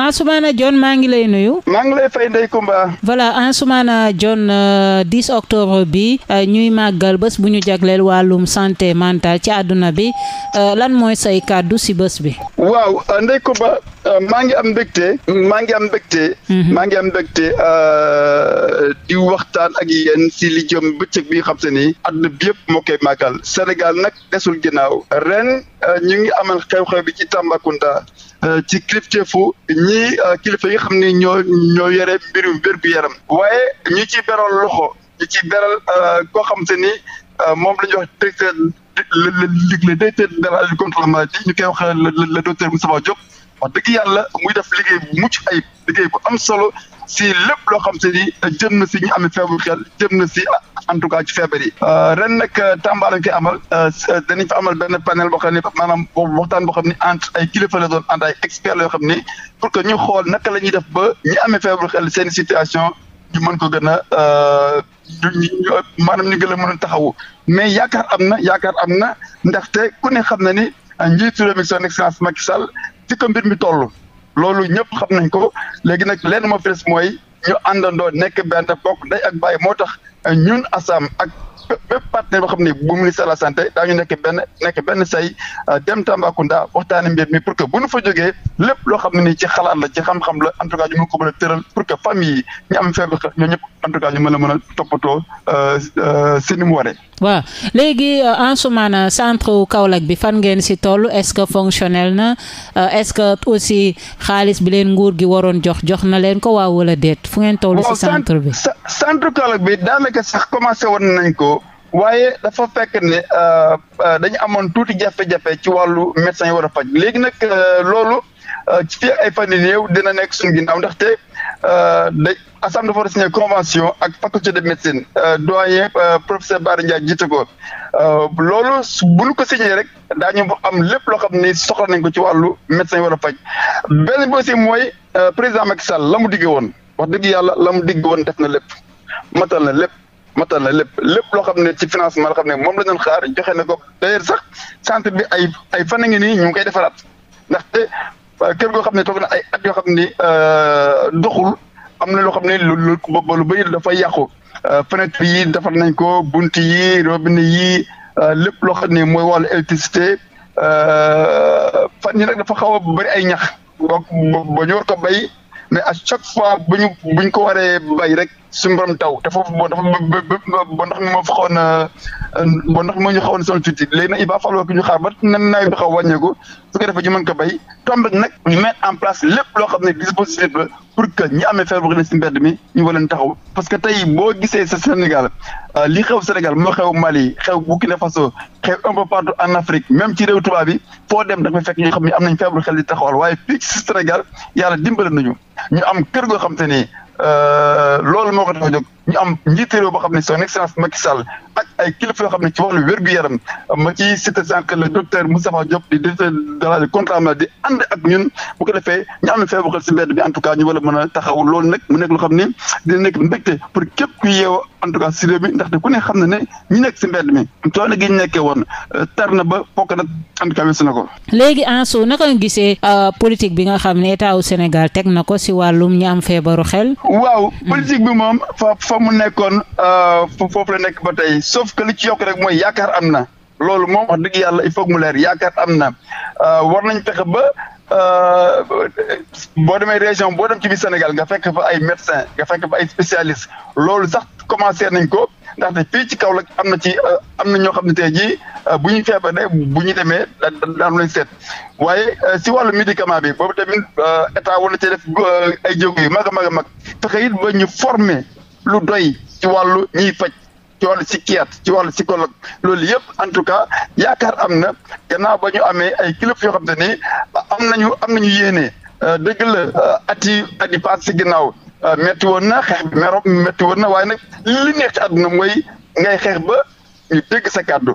Ansoumana Dione maa ngi lay nuyu. maa ngi lay fay Ndeye Comba. voilà Ansoumana Dione 10 euh, octobre bi euh, ñuy màggal bés bu ñu jagleel wàllum sante mentale ci àdduna bi euh, lan mooy say kàddu si bés bi. waaw Ndeye Comba. Euh, maa ngi am mbégte. maa ngi am mbégte. Mhm. maa ngi am mbégte euh, di waxtaan ak yéen si li jëm bëccëg bi xam se ni. àdduna yëpp moo koy màggal Sénégal nag desul ginnaaw ren euh, ñu ngi amal xew-xew bi ci Tambacounda. ci kilifteefu ñii kilifa yi xam ni ñoo ñoo yore mbirum wér yaram. waaye ñu ci beral loxo ñu ci beral koo xam se ni moom la ñuy wax le le le directeur de la lutte contre la maladie ñu koy wax le le docteur Moustapha Diop. wax dëgg yàlla muy def liggéey bu mucc ay liggéey bu am solo si lépp loo xam te ni jëm na si ñu amee feebaru xel jëm na si en tout cas ci feebar yi. Euh, ren nag euh, Tamba lañ koy amal euh, danañ fa amal benn panel boo xam ne maanaam boobu waxtaan boo xam ni entre ay kilifa la doon ànd ay experts la yoo xam ne pour que ñu xool naka la ñuy def ba ñu amee feebaru xel seen situation. ñu mën ko gën a ñu maanaam ñu gën mën a taxawu mais yaakaar am na yaakaar am na ndaxte ku ne xam na ni njiitu réew mi son excellence Macky Sall fi mbir mi toll loolu ñëpp xam nañ ko léegi nag lenn ma fees mooy ñu àndandoo nekk benn bokk day ak baay moo tax ñun ASSAMM ak bépp partenaire boo xam ne bu ministère de la santé daañu nekk benn nekk benn say dem Tambacounda waxtaani mbir mi pour que bu nu fa jógee lépp loo xam ne nii ci xalaat la ci xam-xam la en tout cas ñu mën ko mën a tëral pour que famille yi ñu am feebar en tout cas ñu mën a mën a toppatoo euh, euh, si ni mu waree. waaw léegi euh, Ansoumana centre Kaolack bi fan ngeen si toll est-ce que fonctionnel na est-ce que aussi xaalis bi leen nguur gi waroon jox jox na leen ko waaw wala déet fu ngeen toll si centre bi centre Kaolack bi daanaka sax commencé woon nañ ko waaye dafa fekk ne dañu amoon tuuti jafe-jafe ci wàllu médecin yi war a faj léegi nag loolu ci fii ay fan yu néew dina nekk suñu ginnaaw ndaxte. da euh, ASAM dafa war a signé convention ak faculté de médecine euh, doyen euh, professeur Bara Ndiaye jiite ko loolu bu ñu ko signé rek daañu am lépp loo xam ni soxla nañ ko ci wàllu médecin yi war a faj benn bi aussi mooy président Macky Sall la mu digg woon wax dëgg yàlla la mu digg woon def na lépp matal na lépp. matal na lépp lépp loo xam ne ci financement loo xam ne moom la doon xaar joxe na ko d'ailleurs sax centre bi ay ay fan a ngi nii ñu ngi koy defaraat ndaxte waaye kër goo xam ne toog na ay at yoo xam ne euh, doxul am na loo xam ne lu lu lu bëri dafa yàqu euh, fenêtre yi defar nañ ko bunt yi robinet yi euh, lépp loo xam ni mooy wàllu électricité fan yi nag dafa xaw a bëri ay ñax boo boo ñu war ko bay mais à chaque fois bu ñu bu ko waree bay rek suñu borom taw te foofu bon mi moo fa xawoon euh, bon mi moo ñu xawoon sol tuuti léegi nag il va falloir que ñu xaar ba nan nawet bi xaw wàññeeku loo xam ne dispositif la pour que ñi amee si mbedd mi ñu war taxaw parce que tey boo gisee sa Sénégal euh, li xew Sénégal moo xew Mali xew Burkina Faso xew un peu partout en Afrique même ci réew tubaab yi dem da nga fekk xam ne am nañ feebar xel di taxawal waaye fii ci Sénégal yàlla dimbale nañu ñu am kër goo xam te Euh, loolu moo ko tax a jóg ñu am njiité réew boo xam ne son excellence Macky Sall ay kilifa yoo xam ne ci wàllu wér-gu-yaram ma ci cité sànq docteur Moustapha Diop di directeur de la contrat di ànd ak ñun bi en a mën a taxaw loolu nag mu nekk loo xam ne dina nekk mbégte pour képp ku yeewoo si réew mi ndaxte ku ne xam na ne ñu nekk si mbedd mi coono gi ñu woon euh, tar na ba fokk nag en tout ko. léegi Anso naka nga gisee euh, politique bi nga xam ne état wu Sénégal teg na ko si wàllum ñi am feebaru xel. waaw hmm. politique bi moom fa fa mu nekkoon euh, foofu la nekk ba tey sauf sauf li ci yokk rek mooy yaakaar am na loolu moom wax dëgg yàlla il faut mu leer yaakaar am na euh, war nañ fexe ba euh, boo demee région boo dem ci bi Sénégal nga fekk fa ay médecin nga fekk fa ay spécialiste loolu sax commencé nañ ko ndaxte fii ci Kaolack am na ci euh, am na ñoo xam ne tey jii bu ñu feebaree bu ñu demee daan lañ seet waaye si wàllu médicament bi boobu tamit état war na cee def ay jéego yu mag a mag a mag fexe it ba ñu former lu doy ci wàllu ñiy faj ci wàllu psychiatre ci wàllu psychologue loolu yëpp en tout cas yaakaar am na gannaaw ba ñu amee ay kilifa yoo xam te ni am nañu am nañu yéene euh, dëgg la euh, at yi at yi paas si ginnaaw euh, métti na xeex bi merop métti woon na waaye nag li neex ci àdduna mooy ngay xeex ba ñu dégg sa kàddu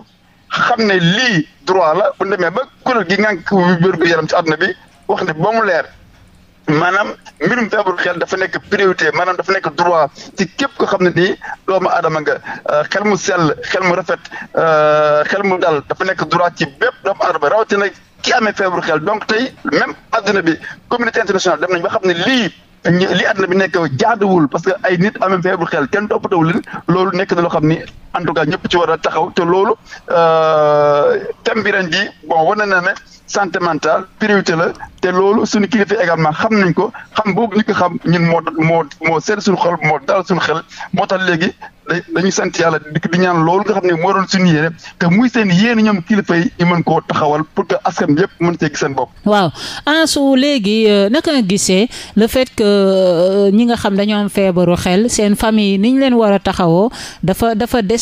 xam ne lii droit la bu demee ba kuréel gi ngànk wér gu ci àdduna bi wax ne ba mu leer maanaam mbirum feebaru xel dafa nekk priorité maanaam dafa nekk droit ci képp ko xam ne nii doomu aadama nga euh, xel mu sell xel mu rafet euh, xel mu dal dafa nekk droit ci bépp doomu aadama rawatina ki amee feebaru xel donc tey même adduna bi communauté internationale dem nañ ba xam ne lii lii adduna bi nekk jaaduwul parce que ay nit amee feebaru xel kenn toppatawul leen loolu nekk na loo xam ni en tout cas ñëpp ci war a taxaw te loolu euh, thème bi ren jii na ne santé priorité la te loolu suñu kilifa également xam nañ ko xam boobu ñu ko xam ñun moo moo moo seet suñu xol moo daal suñu xel moo tax léegi dañuy sant yàlla di ñaan loolu nga xam ne moo doon suñu yéene te muy seen yéene ñoom kilifa yi ñu mën koo taxawal pour que askan bi yëpp mën cee gis seen bopp. waaw Ansu léegi euh, naka nga gisee le fait que euh, ñi nga xam dañoo feebaru xel seen famille ni ñu a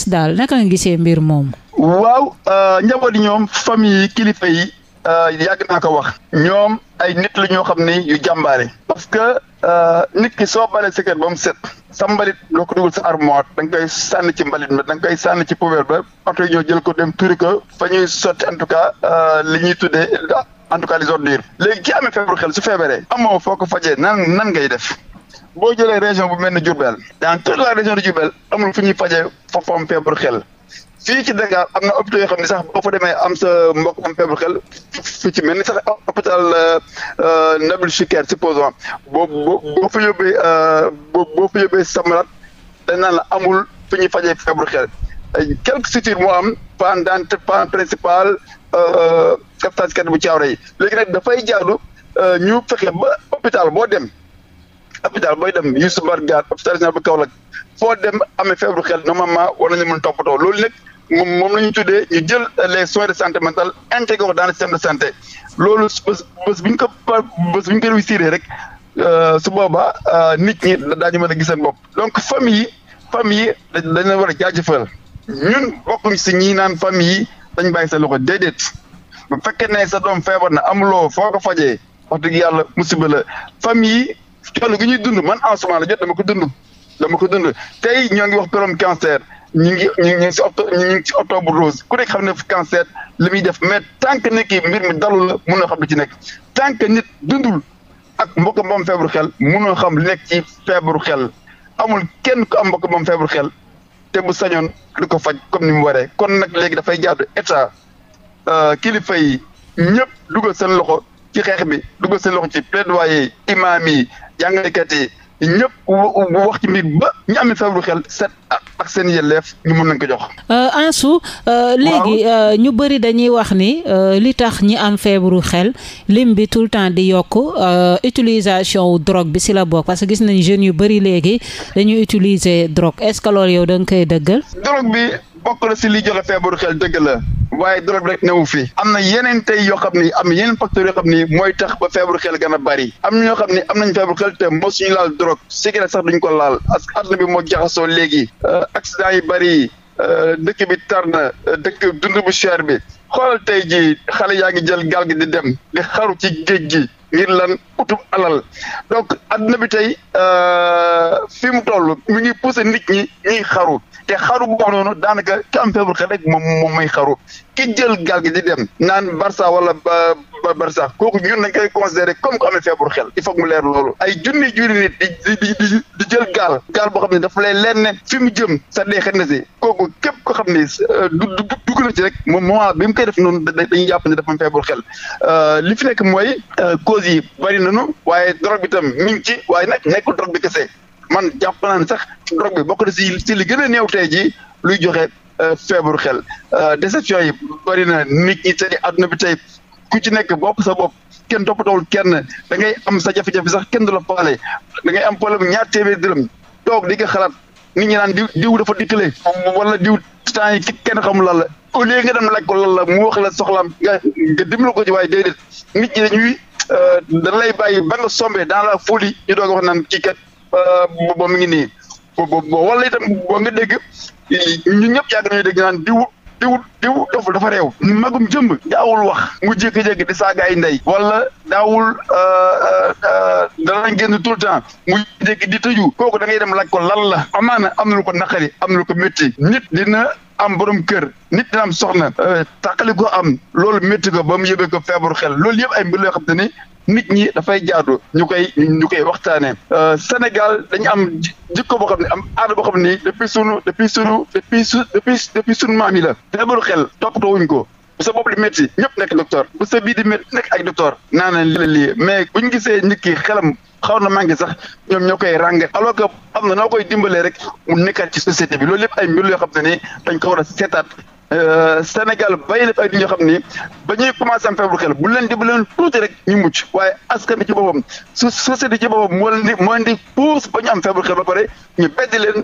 bees daal naka nga gisee mbir moom. waaw euh, njaboot yi ñoom famille yi kilifa yi euh, yàgg naa ko wax. ñoom ay nit la ñoo xam ni yu jàmbaare. parce que euh, nit ki soo balee sa kër ba mu set. sa mbalit loo ko dugal sa armoire da koy sànni ci mbalit ba da koy sànni ci poubelle ba oto yi ñoo jël ko dem turi ko fa en tout cas ñuy tuddee en tout cas les léegi ki amee feebaru xel su feebaree. amoo foo ko fajee nan nan ngay def. boo jëlee région bu mel ni Diourbel dans toute la région de Diourbel amul fu ñuy faje foofu am xel fii ci Dakar am na hôpital yoo xam ne sax boo fa demee am sa mbokk am feebaru xel fi ci mel ni sax hôpital euh, Nabil Choucair supposons boo boo boo fa yóbbee euh, boo fa yóbbee la amul fu ñuy fajee feebaru xel quelque structures moo am pendant pan principal euh, captage kat bu Thiaroye yi léegi rek dafay jaadu ñu fexe ba hôpital boo dem. hôpital booy dem Youssou Mbar Gare hôpital général bu Kaolack foo dem amee feebru xel normalement war nañu mën toppatoo loolu nag moom moom la ñu tuddee ñu jël les soins de santé mentale intégré ko dans le système de santé loolu bés bés bu ñu ko bés bu ñu ko réussir rek euh, su boobaa euh, nit ñi daañu mën a gis seen bopp donc famille yi famille yi dañ leen war a jaajëfal ñun bokkuñ si ñi naan famille yi dañ bàyyi sa loxo déedéet bu fekkee ne sa doom feebar na amuloo foo ko fajee wax dëgg yàlla musiba la famille coono gi ñuy dund man en ce la jot dama ko dund dama ko dund tey ñoo ngi wax borom cancer ñu ngi ñu si octobre ñu ngi si octobre rose ku nekk xam ne fu cancer li muy def mais tant que nit ki mbir mi dalul la mënoo xam lu ci nekk tant que nit dundul ak mbokk moom feebaru xel mënoo xam li nekk ci feebaru xel amul kenn ku am mbokk moom feebaru xel te bu sañoon di ko faj comme ni mu waree kon nag léegi dafay jaadu état euh, kilifa yi ñëpp dugal seen loxo ci xeex bi dugal seen loxo ci plaidoyer imaam yi jàngalekat yi ñëpp wax ci mbir ba ñu amee sabru xel set ak seen yelleef ñu mën nañ ko jox. Euh, euh, léegi euh, ñu bëri dañuy wax ni li tax ñi am feebaru xel lim bi tout le temps di yokk utilisation wu drogue bi si la bokk parce que gis nañu jeunes yu bëri léegi dañuy utiliser drogue est-ce que yow da nga koy dëggal. drogue bi. bokk na si li joxe feebaru xel dëgg la waaye drogue rek newu fi am na yeneen tey yoo xam ni am na yeneen facteurs yoo xam ni mooy tax ba feebaru xel gën a bari am na ñoo xam ni am nañ feebaru xel te mosuñu laal drogue cigarette sax ñu ko laal parce que àdduna bi moo jaxasoo léegi euh, accident yi bari yi euh, dëkk bi tar na euh, dëkk dund bu cher bi xool tey ji xale yaa ngi jël gaal gi di dem di xaru ci géej gi ngir lan utub alal donc àdduna bi tey fi mu toll mi ngi poussé nit ñi ñuy xaru te xaru boobu noonu daanaka ki am feebar xel rek moom moom mooy xaru ke jël gaal gi di dem naan Barça wala ba Barça kooku ñun dañ koy considéré comme ko amee feebaru xel i faut mu leer loolu ay junni junni nit di jël gaal gaal boo xam ne dafa lay leer ne fi mu jëm sa dee xel na si kooku képp ko xam ne euh, du dugg na ci rek moom moment bi mu koy def noonu dañuy jàpp ne dafa am feebaru xel euh, li fi nekk mooy euh, cause yi bari nañu waaye drogue bi tam ngi ci waaye nag nekkul drogue bi kese man jàpp naa sax drogue bi bokk de si si li gën a néew tey jii luy joxe euh, feebaru xel euh, déception yi bari na nit ñi tey àdduna bi tey ku ci nekk bopp sa bopp kenn toppatoowul kenn da ngay am sa jafe-jafe sax kenn du la faale da ngay am problème ñaar téeméer dërëm toog di nga xalaat nit ñi naan diw diw dafa dikkale wala diw temps yi kenn xamul lan la au lieu nga dem laaj ko lan la mu wax la soxlaam nga nga ci waaye déedéet nit ñi dañuy euh, dañ lay bàyyi ba nga sombe dans la folie ñu doog wax naan kii Euh, ba mu ngi nii wala itam boo nga dégg ñu ñëpp yàgg nañu dégg naan diw diw diw dafa dafa réew magum jëmb daawul wax mu jékki-jékki di saaga ay ndey wala daawul euh, euh, danañ génn tout le temps mu jékki di tëju kooku da ngay dem laaj ko lan la am na lu ko naqari am na lu ko métti nit dina am borom kër nit dina am soxna tàqali ko am loolu métti ko ba mu yëbee ko feebaru xel loolu yëpp ay mbir yoo xam te ni nit ñi dafay jaatu ñu koy ñu koy waxtaanee euh, Sénégal dañu am jikko boo xam ne am aada boo xam ne depuis sunu depuis sunu depuis su depuis depuis sunu maam yi la feebaru xel toppatoo wuñ ko. bu sa bopp di métti ñëpp nekk docteur bu sa bii di métti nekk ak docteur naa ne lii mais gisee nit ki xelam. xaw na manqué sax ñoom ñoo koy ràngat alors que am na noo koy dimbalee rek mu nekkaat ci société bi loolu lépp ay mbir yoo xam ne ni dañ ko war a seetaat euh, Sénégal bàyyi lépp ay di ñoo xam ni ba ñuy commencé am feebaru xel bu leen di bu leen tuuti rek ñu mucc waaye askan bi ci boppam su société ci boppam moo moo leen di puus ba am feebaru xel ba pare ñu beddi leen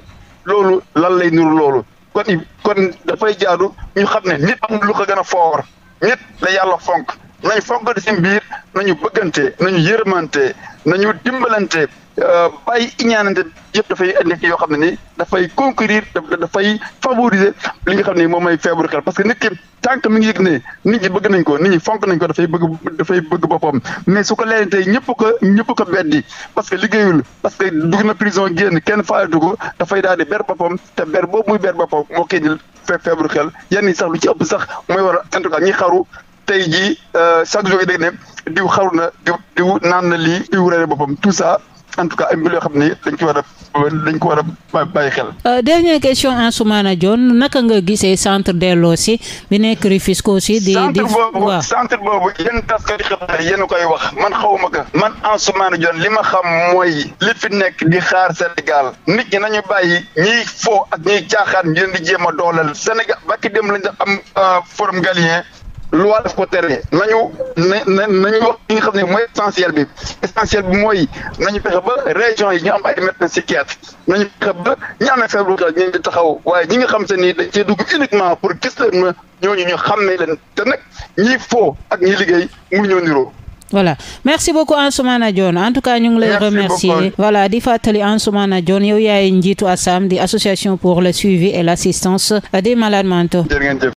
loolu lan lay nuru loolu kon kon dafay jaadu ñu xam ne nit amul lu ko gën a foor nit la yàlla fonk nañ fonkante suñu biir nañu bëggante nañu yërmante nañu dimbalante euh, bàyyi iñaanante yëpp dafay nekk yoo xam ne ni dafay concourir dafay favoriser li nga xam ne moom mooy feebaru xel parce que nit ki tant que mi ngi yëg ne nit ñi bëgg nañ ko nit ñi fonk nañ ko dafay bëgg dafay bëgg boppam mais su ko leeree tey ñëpp ko ñëpp ko beddi parce que liggéeyul parce que dugg na prison génn kenn faalatu ko dafay daal di ber boppam te ber boobu muy ber boppam moo koy jël feebaru xel yenn yi sax lu ci ëpp sax mooy war a en tout cas ñi xaru tey jii euh, chaque jour yi dégg ne diw xaru na diw naan na lii diw reere boppam tout ça en tout cas ay mbir yoo xam ni dañ ci war a dañ ko war a bàyyi xel. Euh, dernière question Ansoumana Dione naka nga gisee centre Delloosi bi nekk Rufisque si di di waaw centre boobu yéen taskati xibaar yéen koy wax man xawma ko man Ansoumana Dione li ma xam mooy li fi nekk di xaar Sénégal nit ñi nañu bàyyi ñiy fo ak ñiy caaxaan ñu leen jéem a dooleel Sénégal ba ki dem lañ am euh, forum Galien. loi daf ko tere nañu na nañu nga xam ne mooy essentiel bi essentiel bi mooy nañu fexe ba région yi ñu am ay médecins nañu fexe ba ñu amee feebaru xel ñu di taxaw waaye ñi nga xam te ni dañ cee uniquement pour gis leen ma ñooñu ñu xam ne leen te nag foo ak ñi liggéey muy ñoo niroo. voilà merci beaucoup Ansoumana Dione en tout cas ñu ngi lay remercier voilà di fàttali Ansoumana Dione yow yaay njiitu ASSAMM di association pour le suivi et l' assistance des malades mentaux